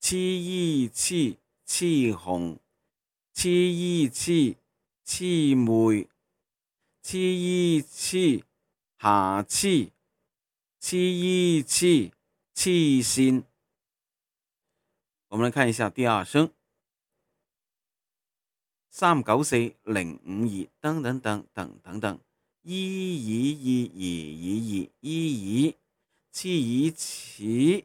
黐衣黐黐紅，黐衣黐黐妹，黐衣黐下黐，黐衣黐黐線。我們來看一下第二聲，三九四零五二等等等等等等，一二二二二二一二，黐衣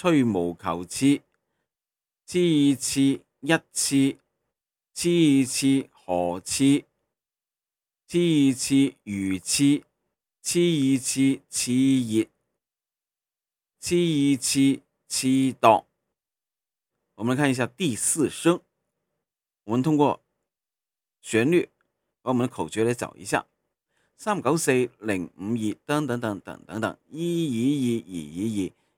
吹毛求疵，疵二疵一疵，疵二疵何疵，疵二疵如疵，疵二疵似熱，疵二疵似惰。刺刺刺刺刺刺，我們看一下第四聲，我們通過旋律把我們的口訣來找一下：三九四零五二等等等等等等，一二二二二二。等等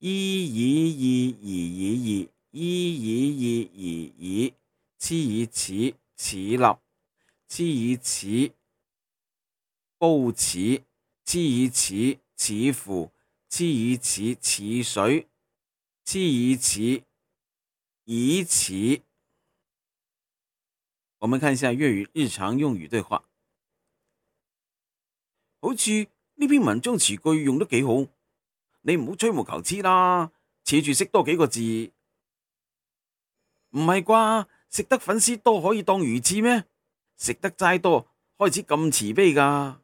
依以二而以二，依以二而以，宜以宜，此以此峙立，此以此褒姒，此以此似乎，此以此汜水，此以此依恃。我們看一下粵語日常用語對話，好似呢篇文章詞句用得幾好。你唔好吹毛求疵啦，恃住識多幾個字，唔係啩？食得粉絲多可以當魚翅咩？食得齋多開始咁慈悲噶？